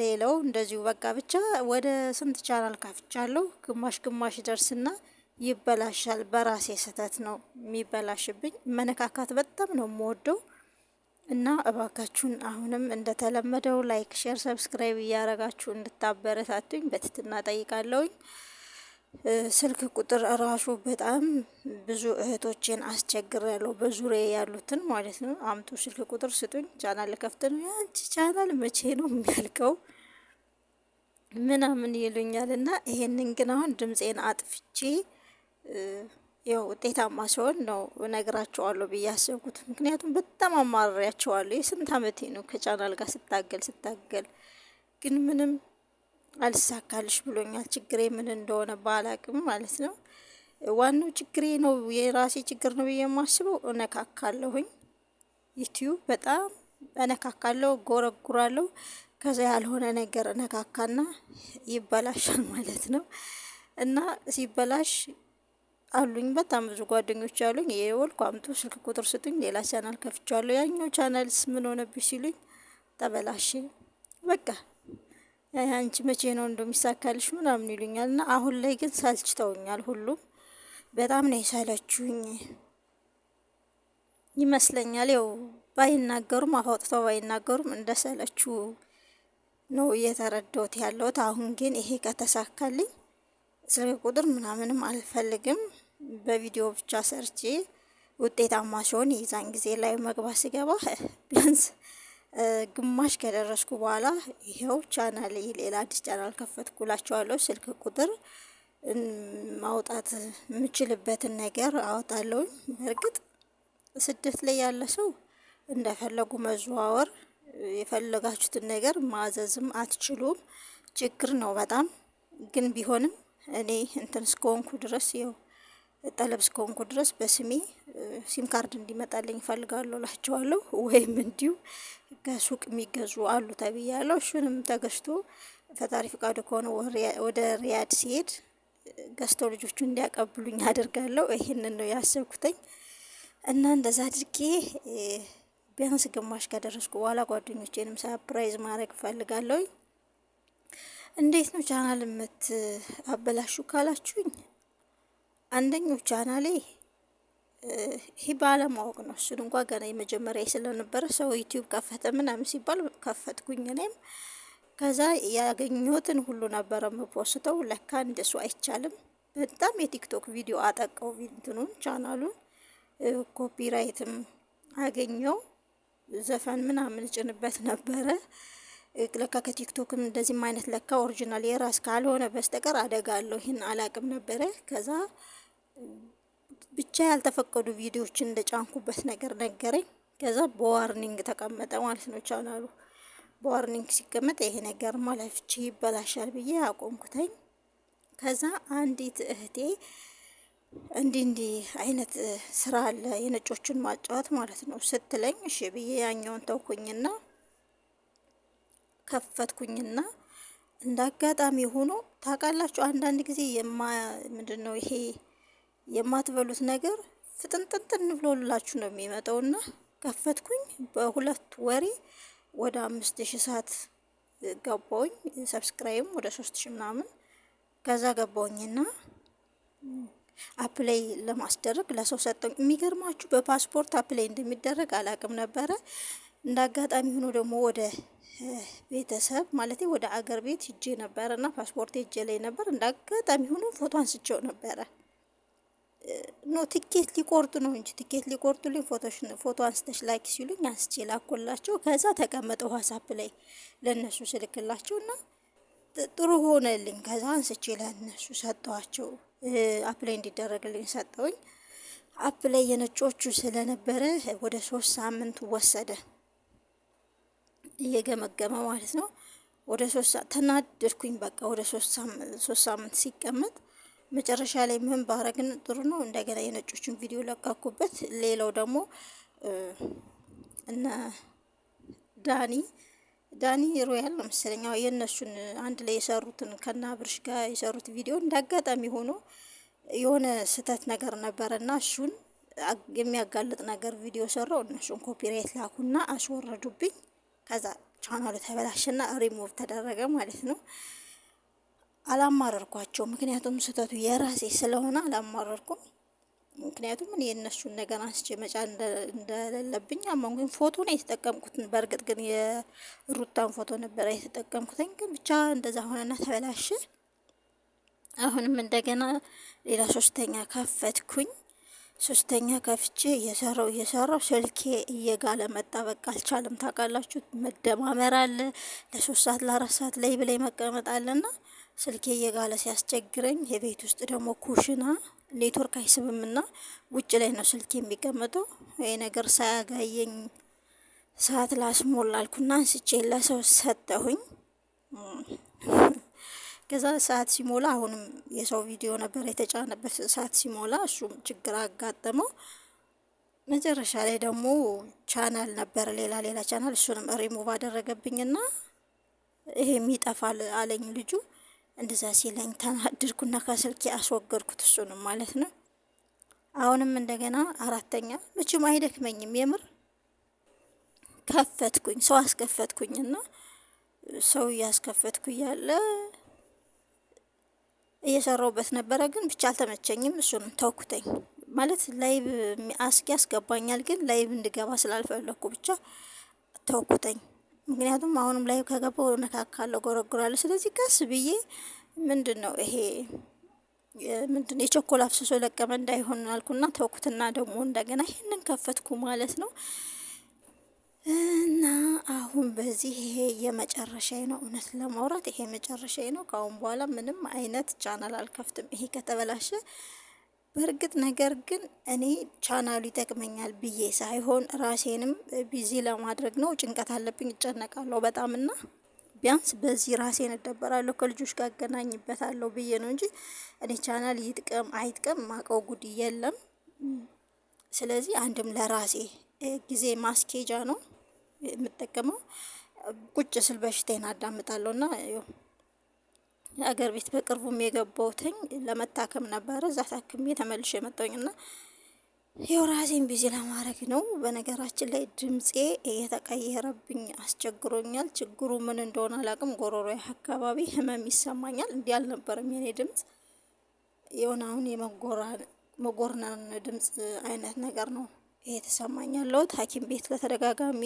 ሌላው እንደዚሁ በቃ ብቻ ወደ ስንት ቻናል ካፍቻለሁ። ግማሽ ግማሽ ደርስና ይበላሻል። በራሴ ስህተት ነው የሚበላሽብኝ። መነካካት በጣም ነው የምወደው እና እባካችሁን አሁንም እንደተለመደው ላይክ፣ ሼር፣ ሰብስክራይብ እያረጋችሁ እንድታበረታቱኝ በትትና ጠይቃለውኝ። ስልክ ቁጥር እራሱ በጣም ብዙ እህቶችን አስቸግር ያለው በዙሪያ ያሉትን ማለት ነው። አምጡ ስልክ ቁጥር ስጡኝ፣ ቻናል ልከፍት ነው። ያንቺ ቻናል መቼ ነው የሚያልቀው? ምናምን ይሉኛል እና ይሄንን ግን አሁን ድምፄን አጥፍቼ ያው ውጤታማ ሲሆን ነው እነግራቸዋለሁ ብዬ ያሰብኩት። ምክንያቱም በጣም አማርሪያቸዋለሁ። የስንት አመቴ ነው ከቻናል ጋር ስታገል ስታገል ግን ምንም አልሳካልሽ ብሎኛል። ችግሬ ምን እንደሆነ ባላቅም ማለት ነው። ዋናው ችግሬ ነው የራሴ ችግር ነው ብዬ የማስበው እነካካለሁኝ። ዩቲዩብ በጣም እነካካለሁ፣ ጎረጉራለሁ። ከዛ ያልሆነ ነገር እነካካና ይበላሻል ማለት ነው። እና ሲበላሽ አሉኝ በጣም ብዙ ጓደኞች አሉኝ። የወልኩ አምጡ ስልክ ቁጥር ስጡኝ፣ ሌላ ቻናል ከፍቻለሁ። ያኛው ቻናልስ ምን ሆነብሽ ሲሉኝ ተበላሽ በቃ አንቺ መቼ ነው እንደሚሳካልሽ ምናምን ይሉኛል። እና አሁን ላይ ግን ሳልችተውኛል። ሁሉም በጣም ነው የሰለችኝ ይመስለኛል። ያው ባይናገሩም አፋውጥተው ባይናገሩም እንደሰለችው ነው እየተረዳሁት ያለሁት። አሁን ግን ይሄ ከተሳካልኝ ስልክ ቁጥር ምናምንም አልፈልግም። በቪዲዮ ብቻ ሰርቼ ውጤታማ ሲሆን የዛን ጊዜ ላይ መግባት ሲገባ ቢያንስ ግማሽ ከደረስኩ በኋላ ይሄው ቻናል ሌላ አዲስ ቻናል ከፈትኩላቸዋለሁ። ስልክ ቁጥር ማውጣት የምችልበትን ነገር አወጣለሁ በእርግጥ ስደት ላይ ያለ ሰው እንደፈለጉ መዘዋወር የፈለጋችሁትን ነገር ማዘዝም አትችሉም። ችግር ነው በጣም ግን ቢሆንም እኔ እንትን እስከሆንኩ ድረስ ይኸው ጠለብ እስከሆንኩ ድረስ በስሜ ሲም ካርድ እንዲመጣልኝ እፈልጋለሁ ላቸዋለሁ ወይም እንዲሁ ከሱቅ የሚገዙ አሉ ተብያለሁ። እሱንም ተገዝቶ ፈጣሪ ፍቃዱ ከሆነ ወደ ሪያድ ሲሄድ ገዝተው ልጆቹ እንዲያቀብሉኝ አድርጋለሁ ይህንን ነው ያሰብኩትኝ እና እንደዛ አድርጌ ቢያንስ ግማሽ ከደረስኩ በኋላ ጓደኞቼንም ሳፕራይዝ ማድረግ እፈልጋለሁኝ። እንዴት ነው ቻናል የምት አበላሹ ካላችሁኝ አንደኛው ቻናሌ ይሄ ባለማወቅ ነው። እሱን እንኳ ገና የመጀመሪያ ስለነበረ ሰው ዩቲዩብ ከፈተ ምናምን ሲባል ከፈትኩኝ። እኔም ከዛ ያገኘሁትን ሁሉ ነበረ ምፖስተው። ለካ እንደሱ አይቻልም። በጣም የቲክቶክ ቪዲዮ አጠቀው እንትኑን ቻናሉን ኮፒራይትም አገኘው። ዘፈን ምናምን ጭንበት ነበረ። ለካ ከቲክቶክም እንደዚህም አይነት ለካ ኦሪጂናል የራስ ካልሆነ በስተቀር አደጋ አለው። ይህን አላቅም ነበረ ከዛ ብቻ ያልተፈቀዱ ቪዲዮዎችን እንደጫንኩበት ነገር ነገረኝ። ከዛ በዋርኒንግ ተቀመጠ ማለት ነው ቻናሉ። በዋርኒንግ ሲቀመጥ ይሄ ነገር ማለት ይበላሻል ብዬ አቆምኩተኝ። ከዛ አንዲት እህቴ እንዲህ እንዲህ አይነት ስራ አለ የነጮቹን ማጫወት ማለት ነው ስትለኝ፣ እሺ ብዬ ያኛውን ተውኩኝና ከፈትኩኝና እንዳጋጣሚ ሆኖ ታውቃላችሁ፣ አንዳንድ ጊዜ የማ ምንድን ነው ይሄ የማትበሉት ነገር ፍጥንጥንጥን ብሎላችሁ ነው የሚመጣውና ከፈትኩኝ በሁለት ወሬ ወደ አምስት ሺህ ሰዓት ገባውኝ። ሰብስክራይብ ወደ ሶስት ምናምን ከዛ ገባውኝና አፕላይ ለማስደረግ ለሰው ሰጠኝ። የሚገርማችሁ በፓስፖርት አፕላይ እንደሚደረግ አላቅም ነበረ። እንደ አጋጣሚ ሆኖ ደግሞ ወደ ቤተሰብ ማለት ወደ አገር ቤት ሂጄ ነበረ እና ፓስፖርት ሂጄ ላይ ነበር። እንደ አጋጣሚ ሆኖ ፎቶ አንስቼው ነበረ። ኖ ትኬት ሊቆርጡ ነው እንጂ ትኬት ሊቆርጡልኝ ፎቶ አንስተሽ ላኪ ሲሉኝ አንስቼ ላኮላቸው። ከዛ ተቀመጠው ዋሳፕ ላይ ለእነሱ ስልክላቸው እና ጥሩ ሆነልኝ። ከዛ አንስቼ ለእነሱ ሰጠዋቸው። አፕላይ እንዲደረግልኝ ሰጠውኝ። አፕ ላይ የነጮቹ ስለነበረ ወደ ሶስት ሳምንት ወሰደ እየገመገመ ማለት ነው። ወደ ሶስት ተናደድኩኝ። በቃ ወደ ሶስት ሳምንት ሲቀመጥ መጨረሻ ላይ ምን ባረግን ጥሩ ነው? እንደገና የነጮችን ቪዲዮ ለቃኩበት። ሌላው ደግሞ እነ ዳኒ ዳኒ ሮያል ነው መሰለኝ የእነሱን አንድ ላይ የሰሩትን ከነ አብርሽ ጋር የሰሩት ቪዲዮ እንዳጋጣሚ ሆኖ የሆነ ስህተት ነገር ነበረና እሱን የሚያጋልጥ ነገር ቪዲዮ ሰራው። እነሱን ኮፒራይት ላኩና አስወረዱብኝ። ከዛ ቻናሉ ተበላሸና ሪሞቭ ተደረገ ማለት ነው። አላማረርኳቸው። ምክንያቱም ስህተቱ የራሴ ስለሆነ አላማረርኩም። ምክንያቱም እኔ የእነሱን ነገር አንስቼ መጫን እንደሌለብኝ አመንኩኝ። ፎቶ ነው የተጠቀምኩትን። በእርግጥ ግን የሩታን ፎቶ ነበረ የተጠቀምኩትን። ግን ብቻ እንደዛ ሆነና ተበላሽ። አሁንም እንደገና ሌላ ሶስተኛ ከፈትኩኝ። ሶስተኛ ከፍቼ እየሰራው እየሰራው ስልኬ እየጋለ መጣ። በቃ አልቻለም። ታውቃላችሁ፣ መደማመር አለ። ለሶስት ሰዓት ለአራት ሰዓት ላይ ብላይ መቀመጥ አለና ስልኬ እየጋለ ሲያስቸግረኝ የቤት ውስጥ ደግሞ ኩሽና ኔትወርክ አይስብምና ውጭ ላይ ነው ስልክ የሚቀመጠው። ይሄ ነገር ሳያጋየኝ ሰዓት ላስሞላ አልኩና አንስቼ ለሰው ሰጠሁኝ። ከዛ ሰዓት ሲሞላ አሁንም የሰው ቪዲዮ ነበር የተጫነበት። ሰዓት ሲሞላ እሱም ችግር አጋጠመው። መጨረሻ ላይ ደግሞ ቻናል ነበር ሌላ ሌላ ቻናል፣ እሱንም ሪሙቭ አደረገብኝና ይሄም ይጠፋል አለኝ ልጁ። እንደዛ ሲለኝ ተናደድኩና ከስልኬ አስወገድኩት እሱንም ማለት ነው። አሁንም እንደገና አራተኛ መቼም አይደክመኝም የምር ከፈትኩኝ ሰው አስከፈትኩኝና ሰው እያስከፈትኩ እያለ እየሰራውበት ነበረ፣ ግን ብቻ አልተመቸኝም። እሱንም ተውኩተኝ ማለት ላይብ አስኪ ያስገባኛል፣ ግን ላይብ እንድገባ ስላልፈለግኩ ብቻ ተውኩተኝ። ምክንያቱም አሁንም ላይ ከገባ እነካካለሁ፣ ጎረጉራለሁ። ስለዚህ ቀስ ብዬ ምንድን ነው ይሄ ምንድን ነው የቸኮላ አፍስሶ ለቀመ እንዳይሆን አልኩና ተውኩትና ደግሞ እንደገና ይህንን ከፈትኩ ማለት ነው። እና አሁን በዚህ ይሄ የመጨረሻ ነው። እውነት ለማውራት ይሄ መጨረሻ ነው። ከአሁን በኋላ ምንም አይነት ቻናል አልከፍትም። ይሄ ከተበላሸ በእርግጥ ነገር ግን እኔ ቻናሉ ይጠቅመኛል ብዬ ሳይሆን ራሴንም ቢዚ ለማድረግ ነው። ጭንቀት አለብኝ፣ እጨነቃለሁ በጣም እና ቢያንስ በዚህ ራሴን እደበራለሁ፣ ከልጆች ጋር አገናኝበታለሁ ብዬ ነው እንጂ እኔ ቻናል ይጥቀም አይጥቀም ማቀው ጉድ የለም። ስለዚህ አንድም ለራሴ ጊዜ ማስኬጃ ነው የምጠቀመው። ቁጭ ስል በሽታዬን አዳምጣለሁ እና ሀገር ቤት በቅርቡም የገባሁትኝ ለመታከም ነበረ። እዛ ታክሜ ተመልሼ የመጣሁኝና ያው ራሴን ቢዚ ለማድረግ ነው። በነገራችን ላይ ድምፄ እየተቀየረብኝ አስቸግሮኛል። ችግሩ ምን እንደሆነ አላቅም። ጎሮሮ አካባቢ ህመም ይሰማኛል። እንዲህ አልነበረም የኔ ድምፅ። የሆነ አሁን የመጎርናን ድምፅ አይነት ነገር ነው እየተሰማኝ ያለሁት ሐኪም ቤት ለተደጋጋሚ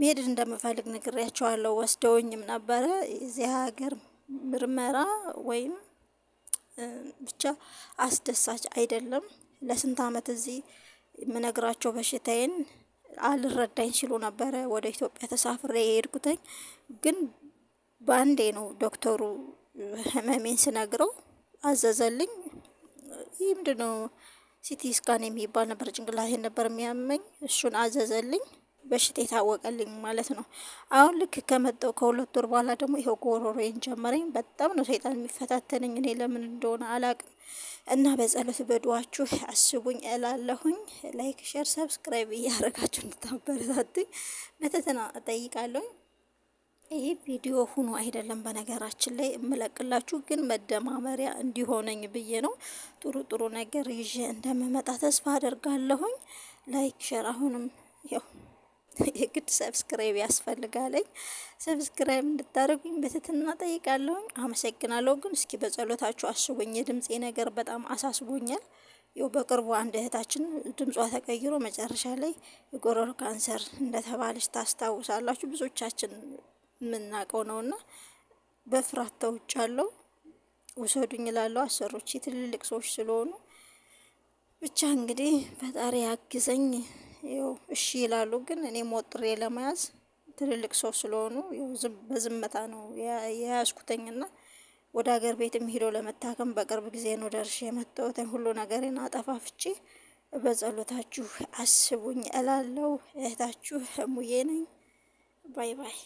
መሄድ እንደምፈልግ ነግሬያቸዋለሁ። ወስደውኝም ነበረ የዚህ ሀገር ምርመራ ወይም ብቻ አስደሳች አይደለም። ለስንት አመት እዚህ የምነግራቸው በሽታዬን አልረዳኝ ሲሉ ነበረ ወደ ኢትዮጵያ ተሳፍሬ የሄድኩተኝ። ግን በአንዴ ነው ዶክተሩ ህመሜን ስነግረው አዘዘልኝ። ይህ ምንድነው ሲቲ ስካን የሚባል ነበር፣ ጭንቅላቴን ነበር የሚያመኝ። እሱን አዘዘልኝ። በሽታ የታወቀልኝ ማለት ነው። አሁን ልክ ከመጣው ከሁለት ወር በኋላ ደግሞ ይኸው ጎሮሮዬን ጀመረኝ። በጣም ነው ሰይጣን የሚፈታተነኝ። እኔ ለምን እንደሆነ አላቅም። እና በጸሎት በዱዋችሁ አስቡኝ እላለሁኝ። ላይክ፣ ሼር፣ ሰብስክራይብ እያደረጋችሁ እንድታበረታቱኝ በትህትና እጠይቃለሁኝ። ይህ ቪዲዮ ሆኖ አይደለም በነገራችን ላይ የምለቅላችሁ፣ ግን መደማመሪያ እንዲሆነኝ ብዬ ነው። ጥሩ ጥሩ ነገር ይዤ እንደምመጣ ተስፋ አደርጋለሁኝ። ላይክ ሼር አሁንም ያው የግድ ሰብስክራይብ ያስፈልጋለኝ። ሰብስክራይብ እንድታደርጉኝ በትህትና ጠይቃለሁ። አመሰግናለሁ። ግን እስኪ በጸሎታችሁ አስቡኝ። የድምፄ ነገር በጣም አሳስቦኛል። ያው በቅርቡ አንድ እህታችን ድምጿ ተቀይሮ መጨረሻ ላይ የጉሮሮ ካንሰር እንደተባለች ታስታውሳላችሁ። ብዙዎቻችን የምናውቀው ነውና በፍርሃት ተውጫለሁ። ውሰዱኝ እላለሁ። አሰሮች ትልልቅ ሰዎች ስለሆኑ ብቻ እንግዲህ ፈጣሪ ያግዘኝ። ይኸው እሺ ይላሉ። ግን እኔ ሞጥሬ ለመያዝ ትልልቅ ሰው ስለሆኑ በዝምታ ነው የያዝኩትኝና ወደ ሀገር ቤትም ሄዶ ለመታከም በቅርብ ጊዜ ነው ደርሼ የመጣሁት። ሁሉ ነገሬን አጠፋፍቼ በጸሎታችሁ አስቡኝ እላለሁ። እህታችሁ ሙዬ ነኝ። ባይ ባይ።